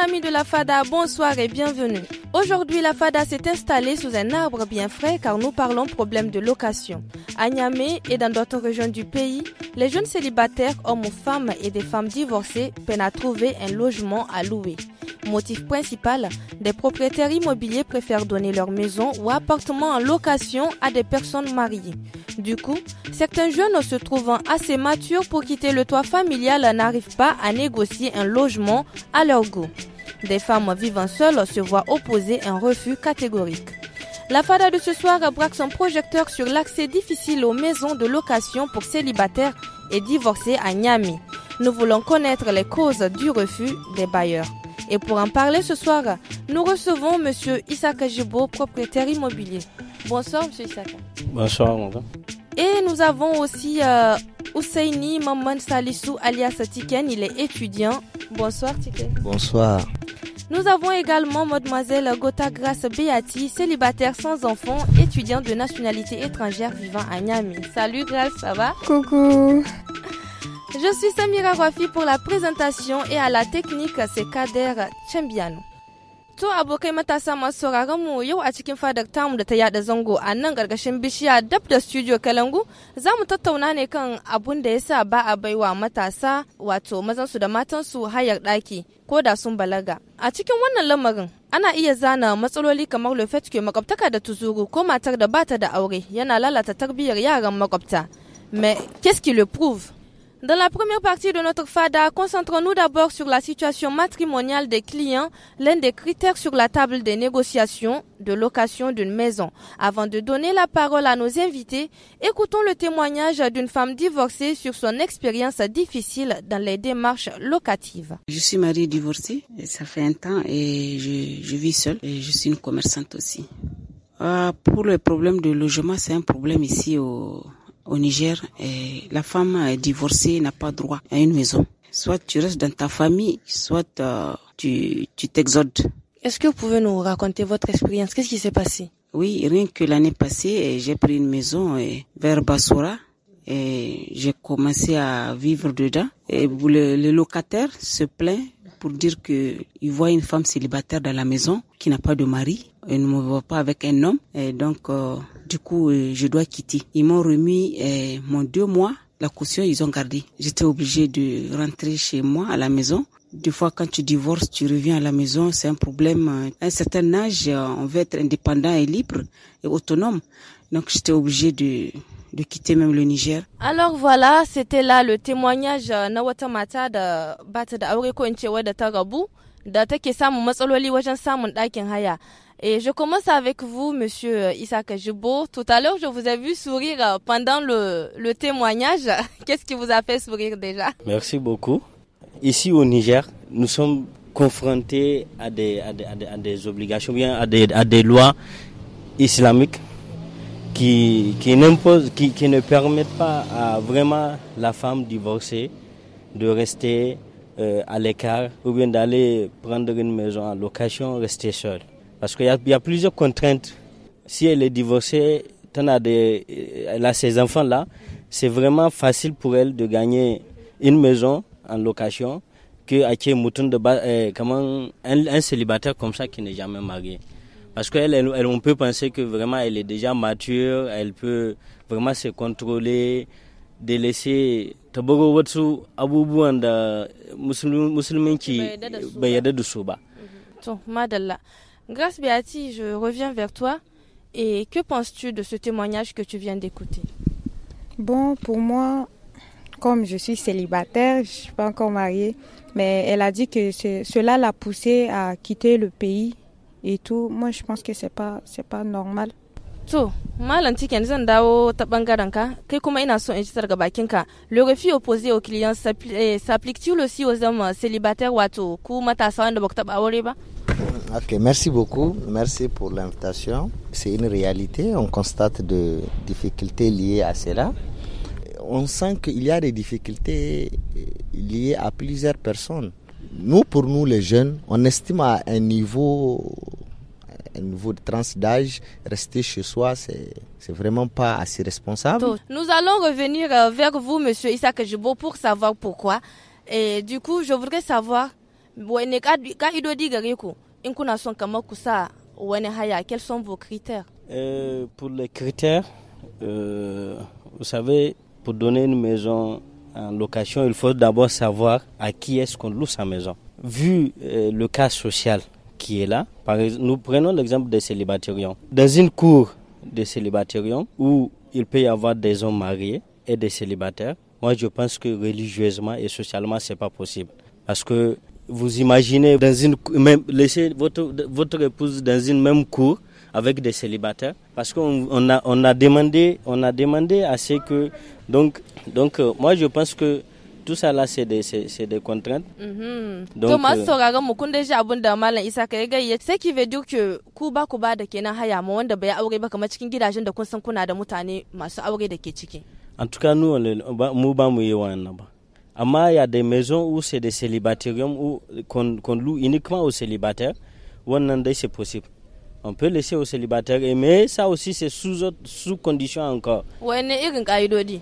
ami de la FADA, bonsoir et bienvenue. Aujourd'hui, la FADA s'est installée sous un arbre bien frais car nous parlons problème de location. À Niamey et dans d'autres régions du pays, les jeunes célibataires, hommes ou femmes et des femmes divorcées peinent à trouver un logement à louer. Motif principal, des propriétaires immobiliers préfèrent donner leur maison ou appartement en location à des personnes mariées. Du coup, certains jeunes se trouvant assez matures pour quitter le toit familial n'arrivent pas à négocier un logement à leur goût. Des femmes vivant seules se voient opposer un refus catégorique. La fada de ce soir braque son projecteur sur l'accès difficile aux maisons de location pour célibataires et divorcés à Niami. Nous voulons connaître les causes du refus des bailleurs. Et pour en parler ce soir, nous recevons M. Issa Kajibo, propriétaire immobilier. Bonsoir, M. Issa. Bonsoir, madame. Et nous avons aussi Husseini euh, Mamman Maman Salissou, alias Tiken. Il est étudiant Bonsoir Tike. Bonsoir. Nous avons également mademoiselle Gotha Grace Beati, célibataire sans enfants, étudiant de nationalité étrangère vivant à Niamey. Salut Grace, ça va Coucou. Je suis Samira Rafi pour la présentation et à la technique c'est Kader Tchembianou. To abokai matasa masu sauraron mu yau a cikin fadar tamu da ta yada zango a nan karkashin bishiya dab da studio Kalangu za mu tattauna ne kan abun da ya sa ba a baiwa matasa wato mazansu da matansu hayar ɗaki ko da sun balaga. A cikin wannan lamarin ana iya zana matsaloli kamar lofetke makwabtaka da tuzuru ko matar da bata da aure yana lalata tarbiyyar yaran makwabta. me qu'est-ce qui le prouve Dans la première partie de notre FADA, concentrons-nous d'abord sur la situation matrimoniale des clients, l'un des critères sur la table des négociations de location d'une maison. Avant de donner la parole à nos invités, écoutons le témoignage d'une femme divorcée sur son expérience difficile dans les démarches locatives. Je suis mariée divorcée, ça fait un temps et je, vis seule et je suis une commerçante aussi. Ah, pour le problème de logement, c'est un problème ici au au Niger, la femme euh, divorcée n'a pas droit à une maison. Soit tu restes dans ta famille, soit euh, tu t'exodes. Est-ce que vous pouvez nous raconter votre expérience Qu'est-ce qui s'est passé Oui, rien que l'année passée, eh, j'ai pris une maison eh, vers Basura et j'ai commencé à vivre dedans. Et le, locataire se plaint pour dire qu'il voit une femme célibataire dans la maison qui n'a pas de mari et ne me voit pas avec un homme. Et donc euh, du coup, euh, je dois quitter. Ils m'ont remis euh, mon deux mois. La caution, ils ont gardé. J'étais obligée de rentrer chez moi à la maison. Des fois, quand tu divorces, tu reviens à la maison, c'est un problème. À euh, un certain âge, on veut être indépendant et libre et autonome. Donc, j'étais obligée de, quitter même le Niger. Alors voilà, c'était là le témoignage na mata de bata da aure ko in ce et je commence avec vous, monsieur euh, Isaac Jubo. Tout à l'heure, je vous ai vu sourire euh, pendant le, témoignage. Qu'est-ce qui vous a fait sourire déjà Merci beaucoup. Ici au Niger, nous sommes confrontés à des, des, obligations, bien à des, lois islamiques qui, n'imposent, qui, ne permettent pas à vraiment la femme divorcée de rester euh, à l'écart ou bien d'aller prendre une maison en location, rester seule. Parce qu'il y, a plusieurs contraintes. Si elle est divorcée, elle a, elle a ses enfants-là, c'est vraiment facile pour elle de gagner une maison en location que de euh, comment un, célibataire comme ça qui n'est jamais marié. Parce qu'elle, elle, on peut penser que vraiment elle est déjà mature, elle peut vraiment se contrôler, délaisser tabago Grâce Beati, je reviens vers toi. Et que penses-tu de ce témoignage que tu viens d'écouter Bon, pour moi, comme je suis célibataire, je ne suis pas encore mariée, mais elle a dit que cela l'a poussée à quitter le pays et tout. Moi, je pense que ce n'est pas, pas normal. To, Malantiki cikin zan dawo ta bangaren ka, kai kuma ina in Le refus opposé aux clients eh, s'applique-t-il aussi aux hommes célibataires wato ku matasa Ok, merci beaucoup. Merci pour l'invitation. C'est une réalité. On constate des difficultés liées à cela. On sent qu'il y a des difficultés liées à plusieurs personnes. Nous, pour nous les jeunes, on estime à un niveau, un niveau de trans d'âge, rester chez soi, c'est c'est vraiment pas assez responsable. Nous allons revenir euh, vers vous, Monsieur Isaac Jibo, pour savoir pourquoi. Et du coup, je voudrais savoir, quels sont vos critères euh, pour les critères euh, vous savez pour donner une maison en location il faut d'abord savoir à qui est-ce qu'on loue sa maison vu euh, le cas social qui est là nous prenons l'exemple des célibataires. dans une cour des célibataires, où il peut y avoir des hommes mariés et des célibataires moi je pense que religieusement et socialement c'est pas possible parce que vous imaginez dans une, même, laisser votre, votre épouse dans une même cour avec des célibataires parce qu'on a, on a demandé on a demandé à ce que donc donc euh, moi je pense que tout ça là c'est des c'est des contraintes. En tout cas nous Amma il y a des maisons où c'est des célibataires où qu'on qu loue uniquement aux célibataires. Wannan dai c'est possible. On peut laisser aux célibataires, mais ça aussi c'est sous, sous condition encore. ne irin ka'idodi?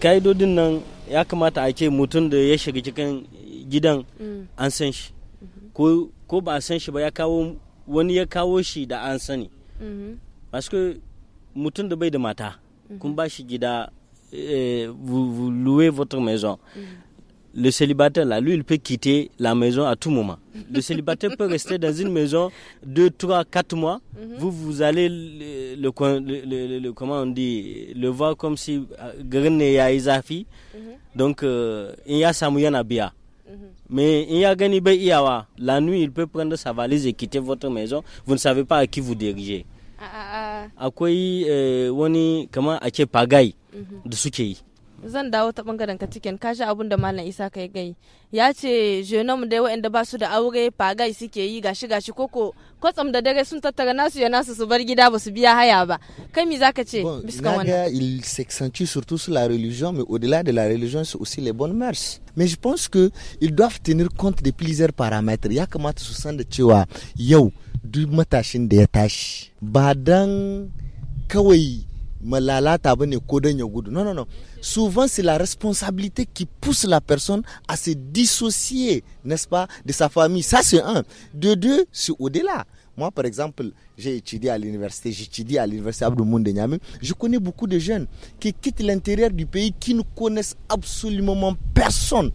Ka'idodin nan ya kamata a ce mutum da ya shiga cikin gidan an san shi. Ko, ko ba san shi ba ya kawo wani ya kawo shi da an sani. Mm-hmm. Parce que mutum da bai da mata, kun mm-hmm. ba shi gida vous, louez votre maison. Le célibataire, là, lui, il peut quitter la maison à tout moment. Le célibataire peut rester dans une maison 2, 3, 4 mois. Mhm. Vous, vous allez le, comment on dit, le voir comme si euh, mhm. Donc, euh, il y a Samuyan Abia. Mhm. Mais il y a La nuit, il peut prendre sa valise et quitter votre maison. Vous ne savez pas à qui vous dirigez. akwai eh, wani kama a ce pagai mhm. da suke yi zan dawo ta bangaren ka cikin ka sha abin da malam isa kai gai ya ce jenom dai waɗanda ba basu da aure fagai suke yi gashi gashi koko kwatsam da dare sun tattara nasu ya nasu su bar gida ba su biya haya ba kai mi zaka ce biskan wannan il s'accentue surtout sur la religion mais au-delà de la religion c'est aussi les bonnes mœurs mais je pense que ils doivent tenir compte de plusieurs paramètres ya kamata su san da cewa yau duk matashin da ya tashi malalata gudu non non non souvent c'est la responsabilité qui pousse la personne à se dissocier n'est-ce pas de sa famille ça c'est un de deux c'est au-delà moi par exemple j'ai étudié à l'université j'étudie à l'université Abdou Moun je connais beaucoup de jeunes qui quittent l'intérieur du pays qui ne connaissent absolument personne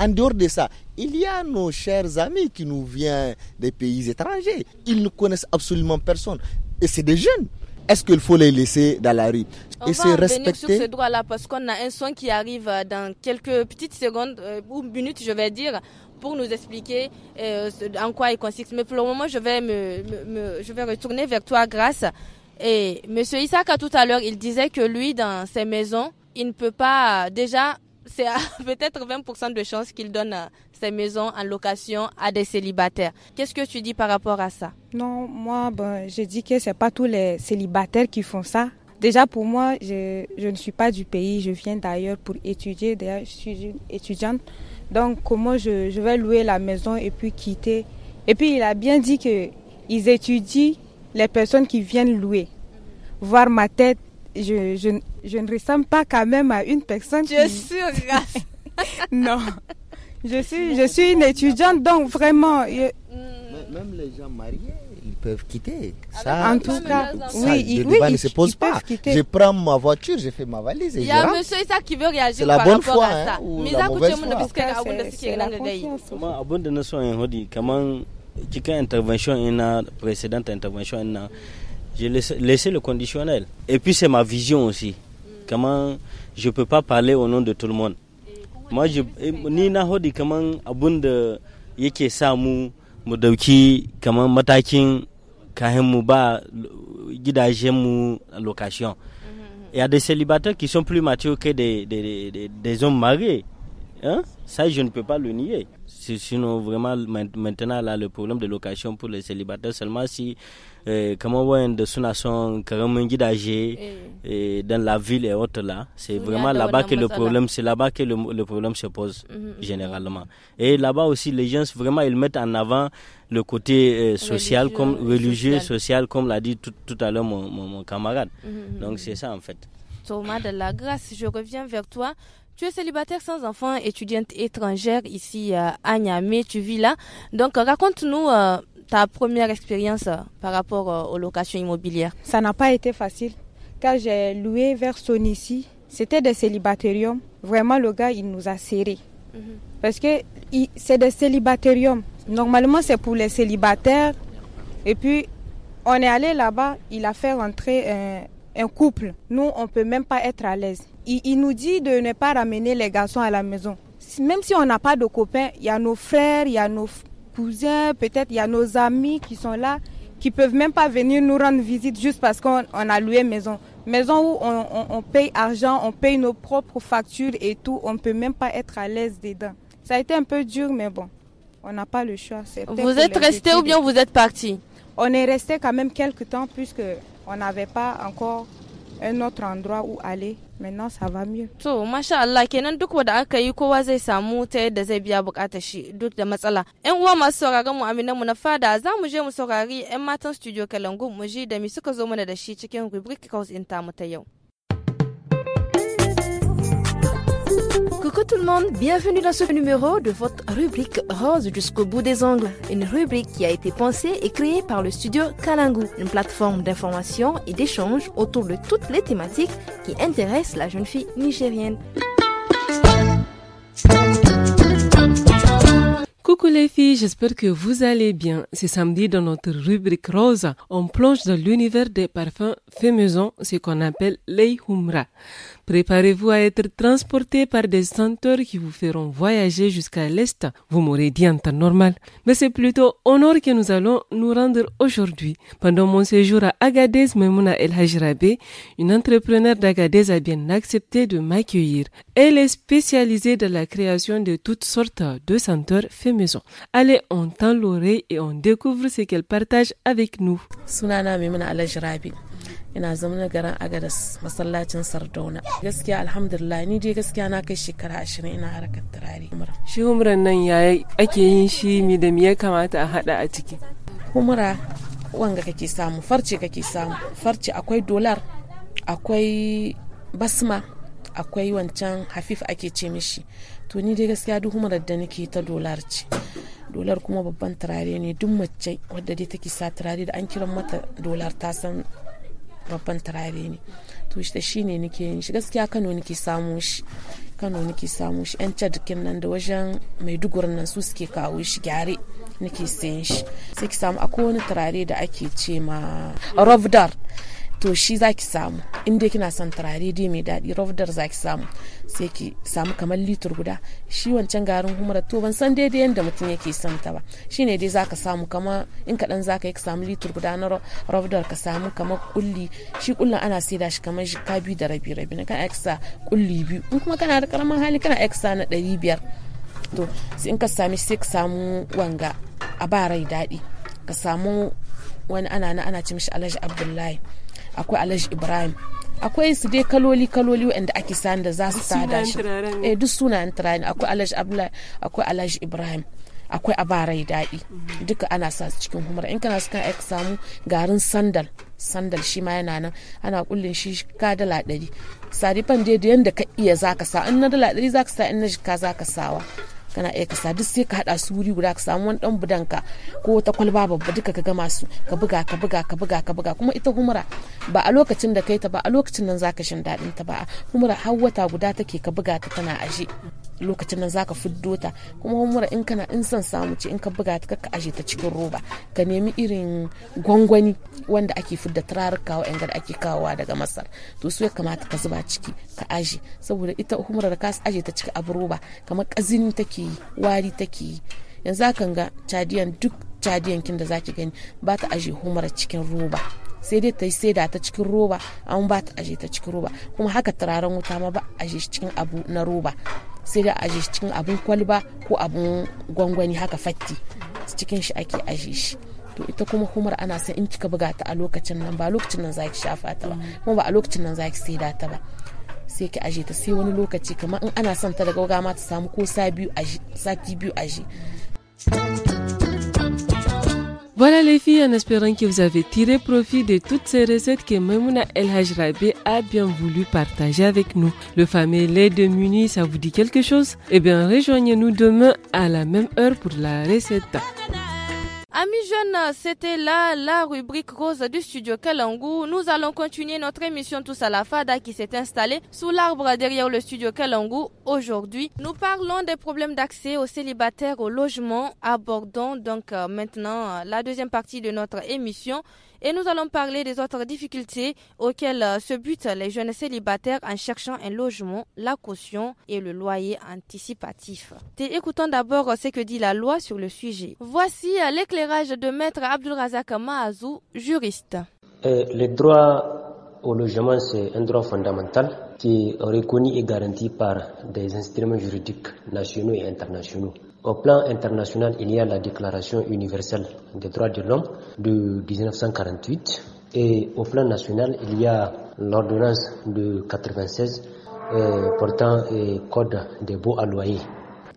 en dehors de ça, il y a nos chers amis qui nous viennent des pays étrangers. Ils ne connaissent absolument personne. Et c'est des jeunes. Est-ce qu'il faut les laisser dans la rue On et va revenir respecter sur ce droit-là parce qu'on a un son qui arrive dans quelques petites secondes euh, ou minutes, je vais dire, pour nous expliquer euh, en quoi il consiste. Mais pour le moment, je vais, me, je vais retourner vers toi, Grâce. Et Monsieur Issaka, tout à l'heure, il disait que lui, dans ses maisons, il ne peut pas déjà c'est peut-être 20% de chance qu'il donne euh, ses maisons en location à des célibataires. Qu'est-ce que tu dis par rapport à ça Non, moi, ben, je dis que ce c'est pas tous les célibataires qui font ça. Déjà pour moi, je, ne suis pas du pays, je viens d'ailleurs pour étudier, d'ailleurs je suis une étudiante. Donc comment je, vais louer la maison et puis quitter Et puis il a bien dit qu'ils étudient les personnes qui viennent louer. Voir ma tête, je, je, je ne ressemble pas quand même à une personne Je qui... suis race. non. Je suis, je suis une étudiante, donc vraiment... Je... Même les gens mariés, ils peuvent quitter. Ah, ça, en tout cas, oui, le oui, débat ne se pose pas. Je prends ma voiture, je fais ma valise et Il y a un monsieur ça qui veut réagir C'est la bonne foi, Mais hein, ça. Hein, ou Mais la Comment foi. cikin intervention ina précédente intervention ina j'ai laissé le conditionnel et puis c'est ma vision aussi Comment je peux pas parler au nom de tout le monde moi je eh, ni na hodi kaman abun de yake samu, mu comment dauki kaman matakin kahin ba gidajen mu location mhm, mhm. il y a des célibataires qui sont plus matures que des, des, des, des hommes mariés Hein? Ça, je ne peux pas le nier. Sinon, vraiment, maintenant, là, le problème de location pour les célibataires, seulement si, eh, comment on de son eh. et dans la ville et autres là, c'est vraiment là-bas que le problème, c'est là-bas que le, le, problème se pose mm, mm, mm. généralement. Et là-bas aussi, les gens, vraiment, ils mettent en avant le côté eh, social, religieux, comme religieux, social. comme l'a dit tout, tout à l'heure mon, camarade. Donc, c'est ça, en fait. Thomas de la Grâce, je reviens vers toi. Tu es célibataire sans enfant, étudiante étrangère ici euh, à Niamey, tu vis là. Donc euh, raconte-nous euh, ta première expérience par rapport aux locations immobilières. Ça n'a pas été facile car j'ai loué vers ici. C'était des célibatériums. Vraiment, le gars, il nous a serrés. Mhm. Parce que c'est des célibatériums. Normalement, c'est pour les célibataires. Et puis, on est allé là-bas, il a fait rentrer un, un couple. Nous, on ne peut même pas être à l'aise il, nous dit de ne pas ramener les garçons à la maison. Même si on n'a pas de copains, il y a nos frères, il y a nos cousins, peut-être il y a nos amis qui sont là, qui peuvent même pas venir nous rendre visite juste parce qu'on a loué maison. Maison où on, paye argent, on paye nos propres factures et tout, on ne peut même pas être à l'aise dedans. Ça a été un peu dur, mais bon, on n'a pas le choix. Vous êtes resté ou bien vous êtes parti On est resté quand même quelques temps puisque on n'avait pas encore un autre endroit où aller. maintenant ça va mieux to masha Allah kenan duk wanda aka yi kowa zai samu ta yadda zai biya bukatar shi duk da matsala yan uwa masu sauraron mu aminan mu na fada za mu je mu saurari yan matan studio Kalangu mu ji da mi suka zo mana da shi cikin rubric House in ta mu ta yau Coucou tout le monde, bienvenue dans ce numéro de votre rubrique Rose jusqu'au bout des ongles, une rubrique qui a été pensée et créée par le studio Kalangu, une plateforme d'information et d'échange autour de toutes les thématiques qui intéressent la jeune fille nigérienne. Coucou les filles, j'espère que vous allez bien. C'est samedi dans notre rubrique rose. On plonge dans l'univers des parfums faits ce qu'on appelle les humra. Préparez-vous à être transporté par des senteurs qui vous feront voyager jusqu'à l'Est. Vous m'aurez dit en temps normal. Mais c'est plutôt honneur que nous allons nous rendre aujourd'hui. Pendant mon séjour à Agadez, Memouna El Hajrabi, une entrepreneur d'Agadez a bien accepté de m'accueillir. Elle est spécialisée dans la création de toutes sortes de senteurs fait maison. Allez, on tend l'oreille et on découvre ce qu'elle partage avec nous. El ina zama na garin agadas masallacin sardauna gaskiya alhamdulillah ni dai gaskiya na kai shekara ashirin ina harkar turare shi humran nan yaya ake yin shi mi da me ya kamata a hada a ciki humra wanga kake samu farce kake samu farce akwai dolar akwai basma akwai wancan hafif ake ce mishi to ni dai gaskiya duk humrar da nake ta dolar ce dolar kuma babban turare ne duk mace wadda dai take sa turare da an kiran mata dolar ta san babban turare ne to shi shine nake yin shi gaskiya Kano nake samu shi Kano nake samu shi yan cadikin nan da wajen Maiduguri nan su suke kawo shi gyare nake sayan shi sai ki samu akwai wani turare da ake ce ma Rovdar to shi zaki samu in dai kina son turare dai mai daɗi rafdar zaki samu sai ki samu kamar litur guda shi wancan garin humra to ban san daidai yadda mutum yake son ta ba shine dai zaka samu kama in kaɗan zaka yi ka samu litur guda na rafdar ka samu kamar kulli shi kullin ana da shi kamar ka biyu da rabi rabi na kana sa kulli biyu in kuma kana da karamin hali kana sa na ɗari biyar to in ka sami sai ka samu wanga a ba rai daɗi ka samu wani ana na ana ci mishi alhaji abdullahi akwai alhaji ibrahim akwai su dai kaloli kaloli wanda ake sani da za su sada shi eh duk sunayen turare akwai alhaji abdullahi akwai alhaji ibrahim akwai abarai daɗi mhm. duka ana sa su cikin humra in kana suka aika samu garin sandal sandal shi ma yana nan ana kullin shi ka dala ɗari sadifan dai da yanda ka iya zaka sa in na dala ɗari zaka sa in na jika zaka sawa kana iya ka sa duk sai ka hada su wuri guda ka samu wani dan budanka ko wata kwalba babba duka ka gama su ka buga ka buga ka buga ka buga kuma ita humura ba a lokacin da kai ta ba a lokacin nan zaka shin dadin ta ba humura har wata guda take ka buga ta tana aje lokacin nan zaka fiddo ta kuma humura in kana in son samu ce in ka buga ta ka aje ta cikin roba ka nemi irin gwangwani wanda ake fidda turaruka wa da ake kawowa daga masar to su ya kamata ka zuba ciki ka aje saboda ita da ka aje ta ciki abu roba kamar kazini take yi wari take yi yanzu ga cadiyan duk cadiyan kin da zaki gani ba ta aje humurar cikin roba sai dai ta yi saida ta cikin roba an ba ta aje ta cikin roba kuma haka turaren wuta ma ba aje shi cikin abu na roba sai dai aje shi cikin abun kwalba ko abun gwangwani haka fatti cikin shi ake aje shi to ita kuma humar ana sai in kika buga ta a lokacin nan ba lokacin nan zaki shafa ta ba kuma ba a lokacin nan zaki saida ta ba sai ki aje ta sai wani lokaci kamar in ana son ta daga ma ta samu ko sati biyu aje Voilà les filles, en espérant que vous avez tiré profit de toutes ces recettes que Maimouna El Hajrabe a bien voulu partager avec nous. Le fameux lait de Muni, ça vous dit quelque chose Eh bien, rejoignez-nous demain à la même heure pour la recette. Amis jeunes, c'était là la rubrique rose du studio Kalangu. Nous allons continuer notre émission Tous à la Fada qui s'est installée sous l'arbre derrière le studio Kalangu. Aujourd'hui, nous parlons des problèmes d'accès aux célibataires au logement. Abordons donc euh, maintenant la deuxième partie de notre émission et nous allons parler des autres difficultés auxquelles euh, se butent les jeunes célibataires en cherchant un logement, la caution et le loyer anticipatif. Écoutons d'abord euh, ce que dit la loi sur le sujet. Voici euh, l'éclairage de maître Abdulrazak Mahazou, juriste. le droit au logement, c'est un droit fondamental qui est reconnu et garanti par des instruments juridiques nationaux et internationaux. Au plan international, il y a la Déclaration universelle des droits de l'homme de 1948 et au plan national, il y a l'ordonnance de 96 portant le code des beaux à loyer.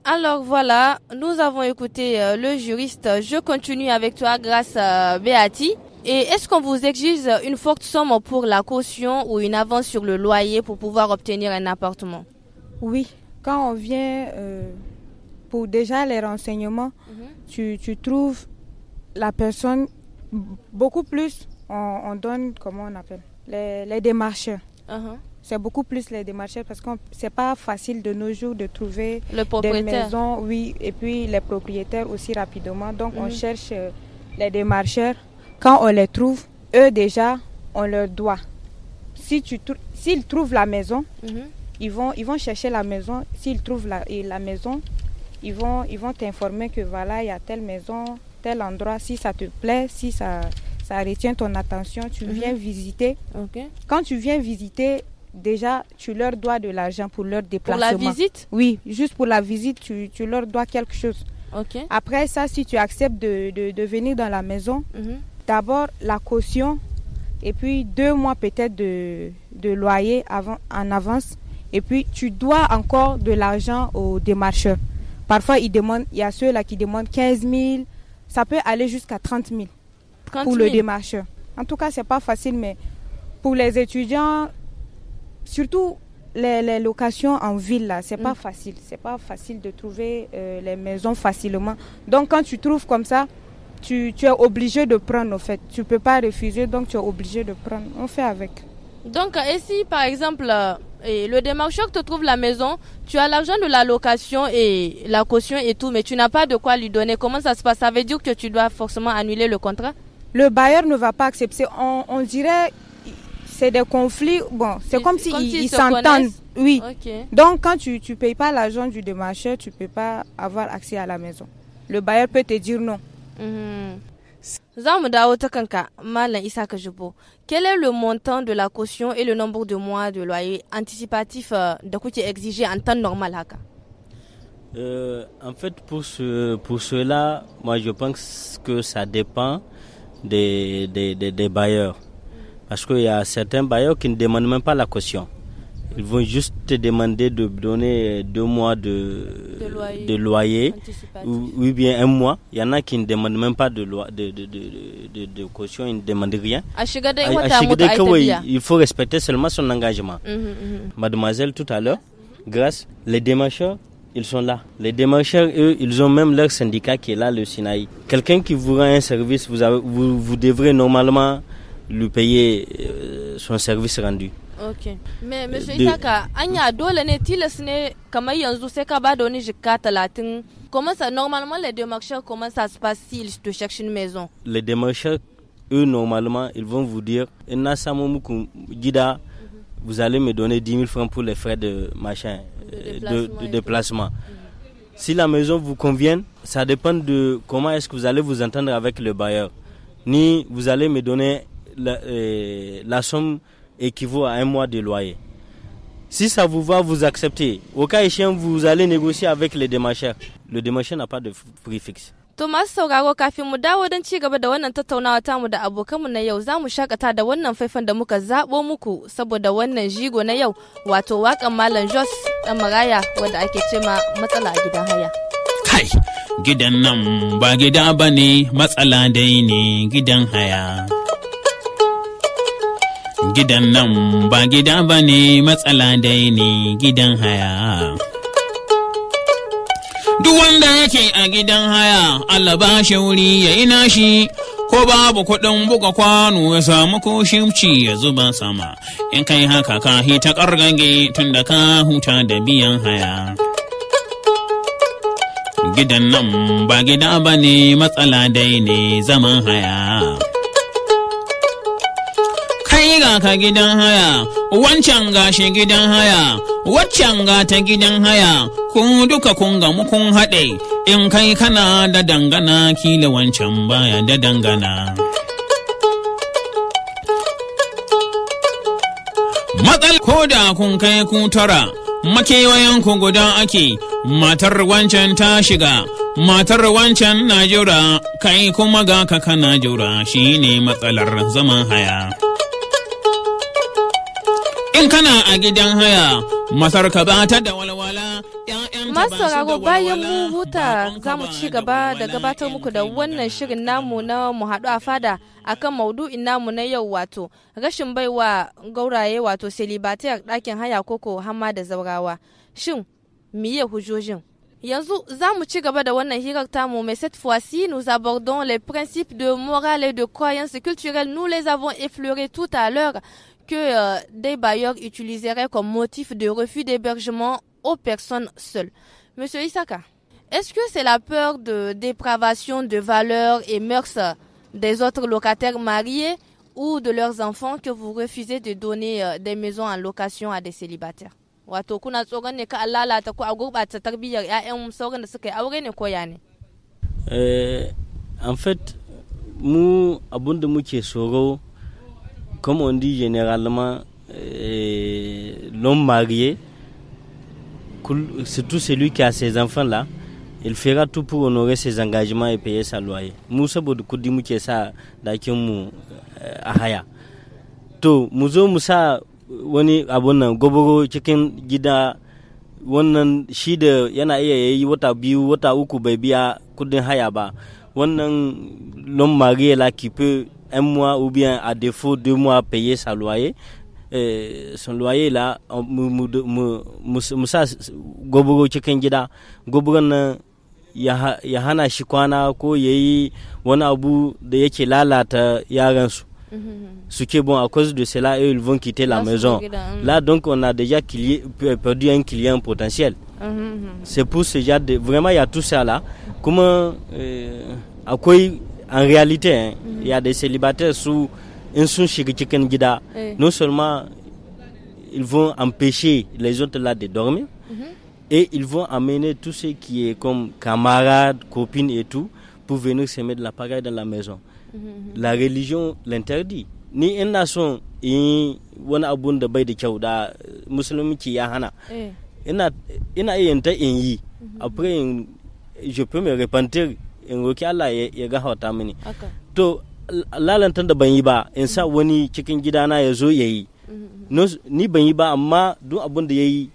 Alors voilà, nous avons écouté euh, le juriste. Je continue avec toi grâce à euh, Beati. Et est-ce qu'on vous exige une forte somme pour la caution ou une avance sur le loyer pour pouvoir obtenir un appartement Oui, quand on vient euh, pour déjà les renseignements, mhm. tu, trouves la personne beaucoup plus. On, donne, comment on appelle Les, démarcheurs. Uh-huh. C'est beaucoup plus les démarcheurs parce que c'est pas facile de nos jours de trouver le des maisons, oui, et puis les propriétaires aussi rapidement. Donc on mhm. cherche euh, les démarcheurs. Quand on les trouve, eux déjà, on leur doit. Si s'ils trouvent la maison, mhm. ils vont ils vont chercher la maison. S'ils trouvent la, la maison, ils vont ils vont t'informer que voilà, il y a telle maison, tel endroit, si ça te plaît, si ça, ça retient ton attention, tu mhm. viens visiter. Quand tu viens visiter, déjà, tu leur dois de l'argent pour leur déplacement. Pour la visite Oui, juste pour la visite, tu, tu leur dois quelque chose. Ok. Après ça, si tu acceptes de, de, venir dans la maison, mhm. d'abord la caution et puis deux mois peut-être de, de, loyer avant, en avance. Et puis tu dois encore de l'argent aux démarcheurs. Parfois, il y a ceux-là qui demandent 15 000, ça peut aller jusqu'à 30 000 pour le démarcheur. En tout cas, c'est pas facile, mais pour les étudiants, surtout les, locations en ville, ce c'est pas mm. facile. C'est pas facile de trouver euh, les maisons facilement. Donc, quand tu trouves comme ça, tu, es obligé de prendre, en fait. Tu peux pas refuser, donc tu es obligé de prendre. On fait avec. Donc, et si, par exemple, le démarcheur te trouve la maison, tu as l'argent de la location et la caution et tout, mais tu n'as pas de quoi lui donner. Comment ça se passe Ça veut dire que tu dois forcément annuler le contrat Le bailleur ne va pas accepter. On, dirait c'est des conflits. Bon, c'est comme s'ils si ils s'entendent. Oui. Donc, quand tu ne payes pas l'argent du démarcheur, tu ne peux pas avoir accès à la maison. Le bailleur peut te dire non. Mhm. Quel est le montant de la caution et le nombre de mois de loyer anticipatif euh, d'un côté exigé en temps normal euh, En fait, pour, ce, pour cela, moi je pense que ça dépend des, des bailleurs. Parce qu'il y a certains bailleurs qui ne demandent même pas la caution. Ils vont juste te demander de donner deux mois de, loyer, ou, bien un mois. Il y en a qui ne demandent même pas de, loi, de, caution, ils ne demandent rien. À, il faut respecter seulement son engagement. Mhm, mhm. Mademoiselle, tout à l'heure, grâce, les démarcheurs, ils sont là. Les démarcheurs, eux, ils ont même leur syndicat qui est là, le Sinaï. Quelqu'un qui vous rend un service, vous, avez, vous devrez normalement lui payer euh, son service rendu ok Mais monsieur eh, Isaka, comment anya dole ne tilas ne yanzu ka ba comment ça normalement les démarcheurs comment ça se passe s'ils te cherchent une maison les démarcheurs eux normalement ils vont vous dire na gida mhm. vous allez me donner 10 000 francs pour les frais de machin de, euh, déplacement mhm. si la maison vous convient, ça dépend de comment est-ce que vous allez vous entendre avec le bailleur. Ni vous allez me donner la, euh, la somme équivaut à un mois de loyer. Si ça vous va, vous acceptez. Au cas échéant, vous allez négocier avec les démarcheurs. Le démarcheur n'a pas de prix fixe. Thomas masu sauraro kafin mu dawo don ci gaba da wannan tattaunawa ta mu da abokanmu na yau za mu shakata da wannan faifan da muka zaɓo muku saboda wannan jigo na yau wato waƙan Malam Jos dan Maraya wanda ake ce ma matsala a gidan haya. Kai gidan nan ba gida ba ne matsala dai ne gidan haya. Gidan nan ba gida ba ne matsala dai ne gidan haya. Duk wanda yake a gidan haya, Allah ba shi wuri ya yi nashi, ko babu kuɗin buga kwano ya samu ko shimci ya zuba sama, in kai haka ka hita ƙargage tun da ka huta da biyan haya. Gidan nan ba gida ba ne matsala dai ne zaman haya. kai ga ka gidan haya, wancan ga shi gidan haya, waccan ga ta gidan haya, ku duka kun gamu kun haɗe, in kai kana da dangana kila wancan baya da dangana. Matsal ko da kun kai ku tara, makewayen ku guda ake, matar wancan ta shiga. Matar wancan na jura, kai kuma ga ka kana jura shi ne matsalar zaman haya. in kana a gidan haya masar ka ba ta da walwala masauraro bayan mu huta za mu ci gaba da gabatar muku da wannan shirin namu na mu haɗu a fada akan maudu'in namu na yau wato rashin baiwa gauraye wato celibatiyar ɗakin haya koko hamma da zaurawa shin miye hujojin Yanzu za mu ci gaba da wannan hirar tamu, mai cette fois-ci, nous abordons les principes de morale de croyance culturelles. Nous les avons effleurés tout à l'heure. que euh, des bailleurs utiliseraient comme motif de refus d'hébergement aux personnes seules. Monsieur Isaka, est-ce que c'est la peur de dépravation de valeurs et mœurs euh, des autres locataires mariés ou de leurs enfants que vous refusez de donner euh, des maisons en location à des célibataires eh, en fait nous, avons de muke comme on dit généralement, euh, l'homme marié, c'est surtout celui qui a ses enfants-là, il fera tout pour honorer ses engagements et payer sa loyer. Musa bodu kudi muke sa dakin mu euh, a haya. To, mu zo mu sa wani abun nan goboro cikin gida wannan shi da yana iya yayi wata biyu wata uku bai biya kudin haya ba. Wannan lon mariya là qui peut un mois ou bien à défaut deux mois à payer sa loyer, son loyer là musa goboro cikin gida goburan nan ya a shi kwana ko ya yi wani abu da yake lalata yaransu mhm. ce qui est bon à cause de cela ils vont quitter la maison hein. là donc on a déjà perdu un client potentiel mhm, mhm, c'est pour ce genre de vraiment il y a tout ça là comment euh, en réalité, hein, mhm. il y a des célibataires sous un son chicken gida. Non seulement ils vont empêcher les autres là de dormir, mhm. et ils vont amener tout ce qui est comme camarades, copines et tout, pour venir se mettre la pagaille dans la maison. Mhm. La religion l'interdit. Ni une nation, wani abun da bai da kyau euh, da ya hana. après je peux me repentir in roki Allah ya gafarta mini to lalantar da ban yi ba in sa mm-hmm. wani cikin gidana ya zo ya yi mm-hmm. ni ban yi ba amma duk abin da ya yi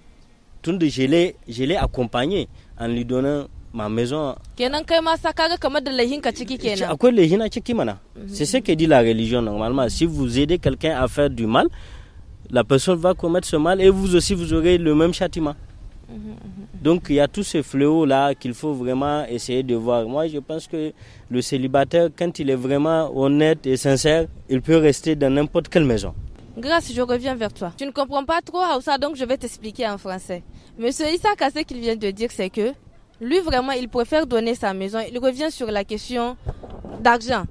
tun da jele a kumfanye an lidonan ma maison kenan kai ma sa kaga kamar da ka ciki kenan akwai lahina ciki mana mm-hmm. c'est ce que dit la religion normalement si vous aidez quelqu'un à faire du mal la personne va commettre ce mal et vous aussi vous aurez le même châtiment donc il y a tous ces fléaux-là qu'il faut vraiment essayer de voir. Moi, je pense que le célibataire, quand il est vraiment honnête et sincère, il peut rester dans n'importe quelle maison. Grâce, je reviens vers toi. Tu ne comprends pas trop ça, donc je vais t'expliquer en français. Monsieur Issa ce qu'il vient de dire, c'est que lui, vraiment, il préfère donner sa maison. Il revient sur la question d'argent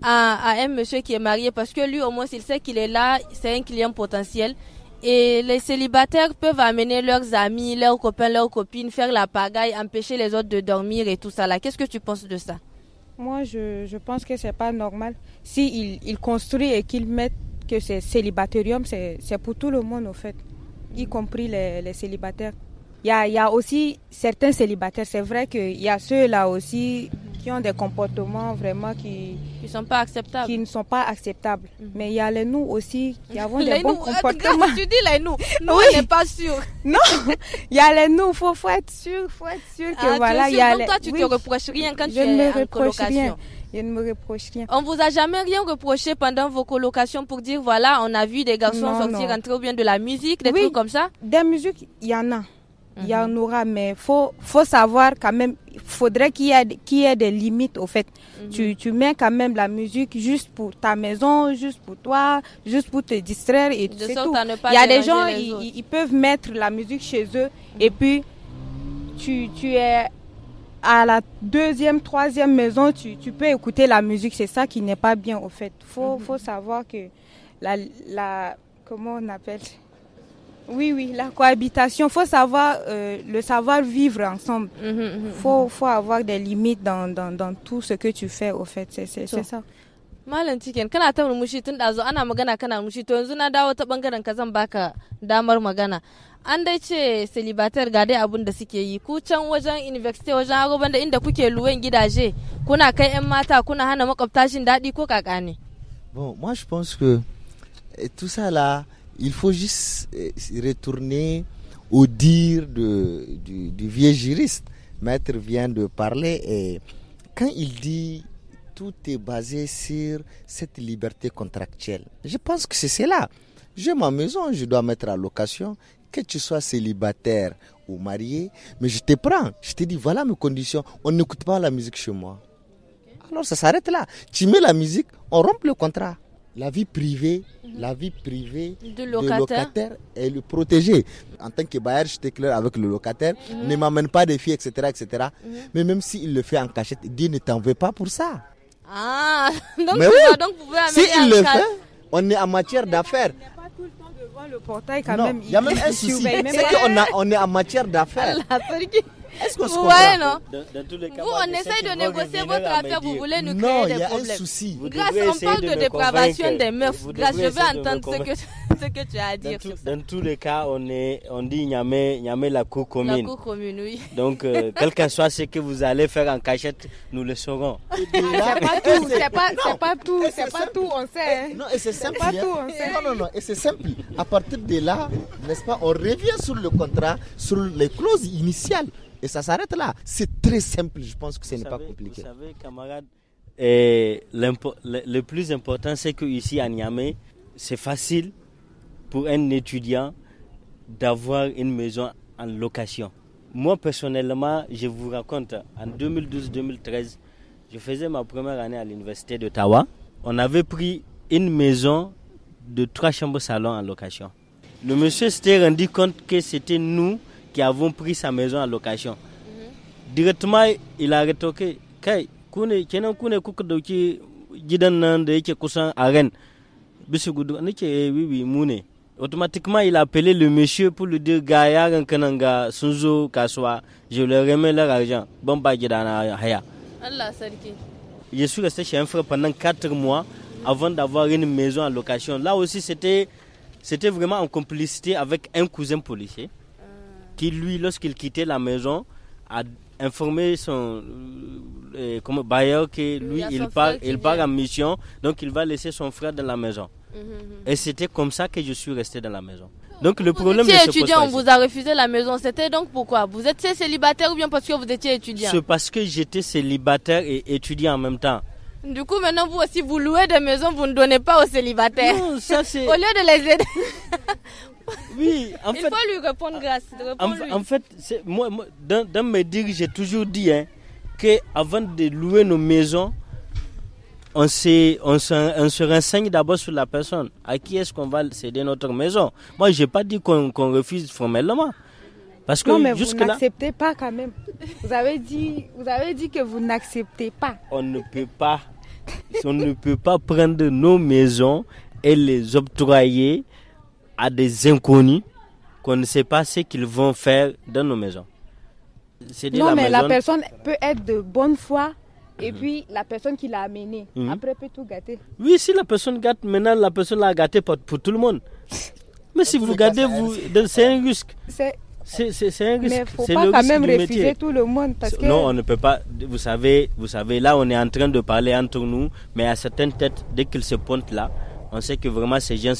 à, à un monsieur qui est marié parce que lui, au moins, il sait qu'il est là, c'est un client potentiel. Et les célibataires peuvent amener leurs amis, leurs copains, leurs copines, faire la pagaille, empêcher les autres de dormir et tout ça. Là, qu'est-ce que tu penses de ça Moi, je, pense que ce n'est pas normal. Si construisent et qu'ils mettent que c'est célibatérium, c'est pour tout le monde, au fait, y compris les, célibataires. Il y, a, il y a, aussi certains célibataires. C'est vrai qu'il y a ceux-là aussi des comportements vraiment qui, qui, sont pas acceptables. qui ne sont pas acceptables. Mhm. Mais il y a les nous aussi qui avons des nous, bons euh, comportements. Tu dis les nous, nous on n'est pas sûr. Non, il y a les nous, faut, faut être sûr, que ah, voilà. Il y a Donc les... toi, tu ne te reproches rien quand tu es en colocation. Rien. Je ne me reproche rien. On vous a jamais rien reproché pendant vos colocations pour dire voilà, on a vu des garçons sortir, non. bien de la musique, des trucs comme ça Des musiques, il y en a il y en aura, mais faut faut savoir quand même, faudrait qu'il y ait qu'il y ait des limites au fait. Mhm. Tu tu mets quand même la musique juste pour ta maison, juste pour toi, juste pour te distraire et de tout. il y a des gens ils, ils, peuvent mettre la musique chez eux mhm. et puis tu tu es à la deuxième, troisième maison, tu, tu peux écouter la musique. C'est ça qui n'est pas bien au fait. Faut mhm. faut savoir que la la comment on appelle oui, oui, la cohabitation, faut savoir euh, le savoir vivre ensemble. Mhm, mhm, mhm. faut, faut avoir des limites dans, dans, dans tout ce que tu fais, au fait, c'est so. ça. Malam Tiken, kana ta murmushi tun zo ana magana kana murmushi to yanzu na dawo ta bangaren ka zan baka damar magana. An dai ce célibataire ga dai abun da suke yi, ku can wajen university wajen agoban da inda kuke luwan gidaje, kuna kai 'yan mata kuna hana makwabta dadi ko kaka ne? Bon, moi je pense que tout ça là, il faut juste eh, retourner au dire de, du, du, vieux juriste. Maître vient de parler et quand il dit tout est basé sur cette liberté contractuelle, je pense que c'est cela. J'ai ma maison, je dois mettre à location, que tu sois célibataire ou marié, mais je te prends, je te dis voilà mes conditions, on n'écoute pas la musique chez moi. Alors ça s'arrête là. Tu mets la musique, on rompt le contrat la vie privée, mhm. la vie privée du locataire. est protégée. En tant que bailleur, je clair avec le locataire, mhm. ne m'amène pas des filles, etc. Mhm. Mais même s'il le fait en cachette, Dieu ne t'en veut pas pour ça. Ah, donc, oui, donc vous pouvez amener si il le fait, on est en matière d'affaires le portail quand non, même. Il y a même un souci. C'est qu'on on est en matière d'affaires. Est-ce ouais, non. Vous, on essaye de négocier votre affaire, vous voulez nous créer des problèmes. Grâce, on parle de, dépravation des meufs. je veux entendre ce que, ce que tu as à dire. Dans tous les cas, on, est, on dit Nyame, Nyame la cour commune. La cour commune, oui. Donc, euh, quel que soit ce que vous allez faire en cachette, nous le saurons. Ah, c'est pas tout, c'est pas, pas tout, c'est pas tout, on sait. Hein. Non, et c'est simple. Hein. Non, non, non, et c'est simple. À partir de là, n'est-ce pas, on revient sur le contrat, sur les clauses initiales ça s'arrête là. C'est très simple. Je pense que ce n'est pas compliqué. Vous savez, camarade, et eh, le, le, plus important, c'est qu'ici à Niamey, c'est facile pour un étudiant d'avoir une maison en location. Moi, personnellement, je vous raconte, en 2012-2013, je faisais ma première année à l'université d'Ottawa. On avait pris une maison de trois chambres salon en location. Le monsieur s'était rendu compte que c'était nous qui avons pris sa maison à location. Directement, il a retoqué. Kay, kune, kenan kune kuka dauki gidan da yake kusan a eh, oui, oui, Automatiquement, il a appelé le monsieur pour lui dire ga yaran sunzo ga zo kasuwa, je leur remets leur argent. Ban ba gidana haya. Allah sarki. Je suis resté chez un frère pendant 4 mois avant d'avoir une maison à location. Là aussi, c'était, c'était vraiment en complicité avec un cousin policier qui, lui, lorsqu'il quittait la maison, a informé son euh, euh, bailleur que lui il, part il part en mission donc il va laisser son frère dans la maison mhm, mhm. et c'était comme ça que je suis resté dans la maison donc le problème étiez étudiant on vous a refusé la maison c'était donc pourquoi vous étiez célibataire ou bien parce que vous étiez étudiant c'est parce que j'étais célibataire et étudiant en même temps du coup maintenant vous aussi vous louez des maisons vous ne donnez pas aux célibataires non, ça, au lieu de les aider Oui, en Il fait. faut lui répondre grâce. En, fait, moi, dans, mes dires, j'ai toujours dit hein, qu'avant de louer nos maisons, on, on, se, on se renseigne d'abord sur la personne. À qui est-ce qu'on va céder notre maison Moi, je n'ai pas dit qu'on refuse formellement. Parce que non, mais vous n'acceptez pas quand même. Vous avez dit, vous avez dit que vous n'acceptez pas. On ne peut pas. on ne peut pas prendre nos maisons et les octroyer à des inconnus qu'on ne sait pas ce qu'ils vont faire dans nos maisons. Non, la mais la personne peut être de bonne foi et mhm. puis la personne qui l'a amené mhm. après peut tout gâter. Oui, si la personne gâte, maintenant la personne l'a gâté pour, pour, tout le monde. Mais si vous gardez vous, c'est un risque. C'est un risque. Mais faut pas quand même refuser tout le monde. Parce que... Non, on ne peut pas. Vous savez, vous savez, là, on est en train de parler entre nous, mais à certaines têtes, dès qu'ils se pointent là, on sait que vraiment ces gens,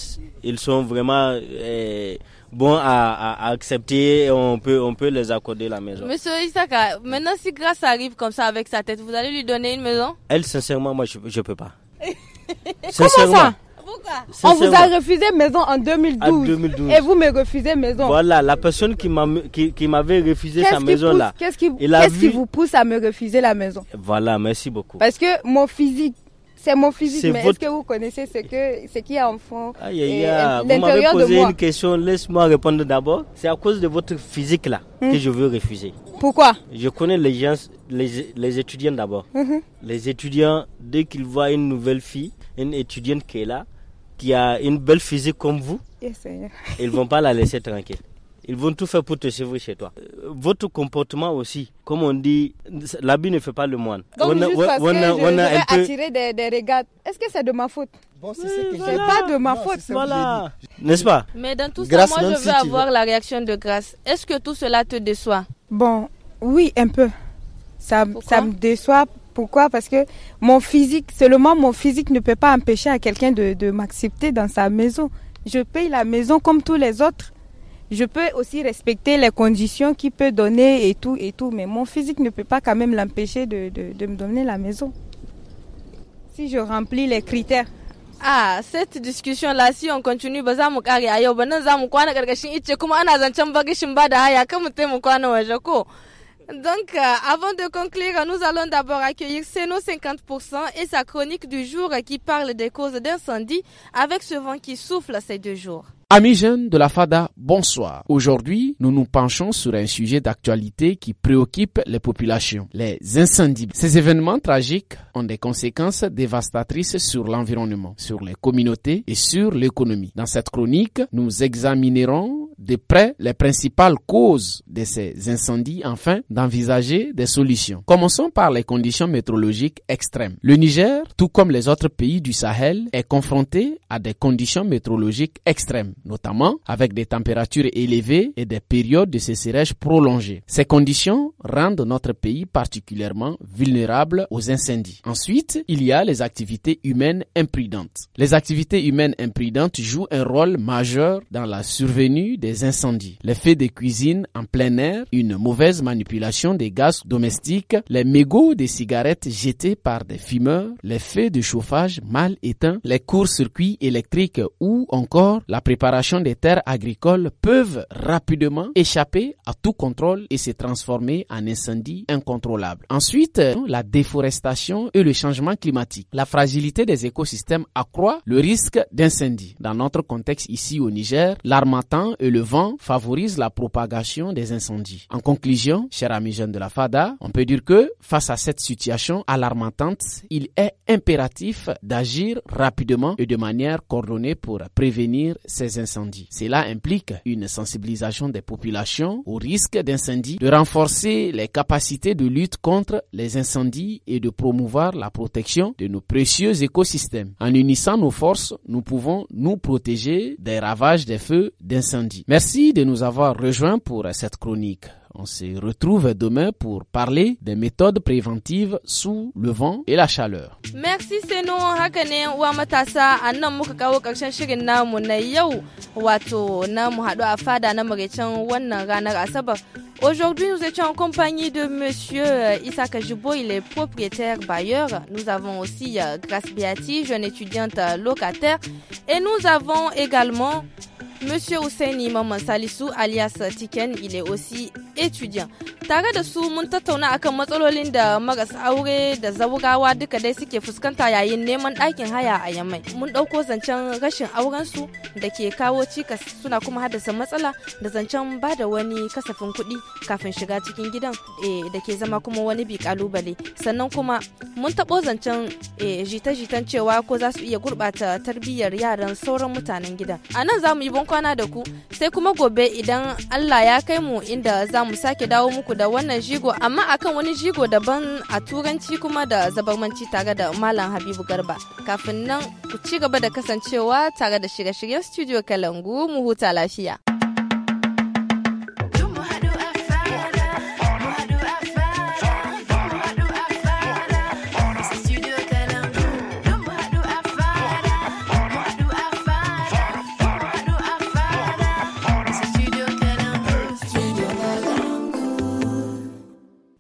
ils sont vraiment euh, bons à, accepter et on peut, on peut les accorder la maison. Monsieur Isaka, maintenant si Grâce arrive comme ça avec sa tête, vous allez lui donner une maison Elle, sincèrement, moi, je ne peux pas. Comment ça on vous a refusé maison en 2012, Et vous me refusez maison. Voilà, la personne qui m'avait qui, qui refusé sa maison là. Qu'est-ce qui, vous pousse à me refuser la maison Voilà, merci beaucoup. Parce que mon physique, c'est mon physique, mais est-ce que vous connaissez ce que ce qu'il y a en fond ah, Vous m'avez posé une question, laisse-moi répondre d'abord. C'est à cause de votre physique là que hmm. je veux refuser. Pourquoi Je connais les gens, les, étudiants d'abord. Les étudiants, dès qu'ils voient une nouvelle fille, une étudiante qui est là, qui a une belle physique comme vous, yes, ils vont pas la laisser tranquille. Ils vont tout faire pour te suivre chez toi. Euh, votre comportement aussi, comme on dit, l'habit ne fait pas le moine. Donc on juste parce on que attirer des, regards, est-ce que c'est de ma faute Bon, c'est pas de ma faute. Voilà. N'est-ce pas Mais dans tout ça, moi, je veux avoir la réaction de grâce. Est-ce que tout cela te déçoit Bon, oui, un peu. Ça, ça me déçoit. Pourquoi Parce que mon physique, seulement mon physique ne peut pas empêcher à quelqu'un de, de m'accepter dans sa maison. Je paye la maison comme tous les autres je peux aussi respecter les conditions qu'il peut donner et tout et tout, mais mon physique ne peut pas quand même l'empêcher de, de, me donner la maison. Si je remplis les critères. Ah, cette discussion-là, si on continue, Donc, euh, avant de conclure, nous allons d'abord accueillir Seno 50% et sa chronique du jour qui parle des causes d'incendie avec ce vent qui souffle ces deux jours. Amis jeunes de la FADA, bonsoir. Aujourd'hui, nous nous penchons sur un sujet d'actualité qui préoccupe les populations, les incendies. Ces événements tragiques ont des conséquences dévastatrices sur l'environnement, sur les communautés et sur l'économie. Dans cette chronique, nous examinerons de près les principales causes de ces incendies afin d'envisager des solutions. Commençons par les conditions météorologiques extrêmes. Le Niger, tout comme les autres pays du Sahel, est confronté à des conditions météorologiques extrêmes notamment avec des températures élevées et des périodes de sécheresse prolongées. Ces conditions rendent notre pays particulièrement vulnérable aux incendies. Ensuite, il y a les activités humaines imprudentes. Les activités humaines imprudentes jouent un rôle majeur dans la survenue des incendies. L'effet des de cuisine en plein air, une mauvaise manipulation des gaz domestiques, les mégots des cigarettes jetés par des fumeurs, les feux de chauffage mal éteints, les courts-circuits électriques ou encore la préparation des terres agricoles peuvent rapidement échapper à tout contrôle et se transformer en incendie incontrôlable. Ensuite, la déforestation et le changement climatique. La fragilité des écosystèmes accroît le risque d'incendie. Dans notre contexte ici au Niger, l'armatan et le vent favorisent la propagation des incendies. En conclusion, cher ami jeunes de la FADA, on peut dire que face à cette situation alarmante, il est impératif d'agir rapidement et de manière coordonnée pour prévenir ces incendies. Cela implique une sensibilisation des populations au risque d'incendie, de renforcer les capacités de lutte contre les incendies et de promouvoir la protection de nos précieux écosystèmes. En unissant nos forces, nous pouvons nous protéger des ravages des feux d'incendie. Merci de nous avoir rejoints pour cette chronique. On se retrouve demain pour parler des méthodes préventives sous le vent et la chaleur. Merci Seno haka ne uwa matasa a nan muka kawo karshen shirin namu na wato na a fada na maraicen wannan ranar Asabar Aujourd'hui, nous étions en compagnie de Monsieur euh, Issa Kajubo, il est propriétaire bailleur. Nous avons aussi euh, Grace Beati, jeune étudiante euh, locataire. Et nous avons également Monsieur Hussein Imam Salissou, alias Tiken, il est aussi étudiant. tare da su mun tattauna akan matsalolin da marasa aure da zaurawa duka dai suke fuskanta yayin neman ɗakin haya a yamai mun ɗauko zancen rashin aurensu da ke kawo cikas suna kuma haddasa matsala da zancen ba da wani kasafin kuɗi kafin shiga cikin gidan eh, da ke zama kuma wani bi kalubale sannan kuma mun taɓo zancen eh, jita-jitan cewa ko za su iya gurɓata tarbiyyar yaran sauran mutanen gidan a nan za mu yi bankwana da ku sai kuma gobe idan allah ya kai mu inda za mu sake dawo muku da wannan jigo amma akan wani jigo daban a turanci kuma da zabarmanci tare da Malam Habibu Garba. Kafin nan ku ci gaba da kasancewa tare da shirye-shiryen Studio Kalangu mu huta lafiya.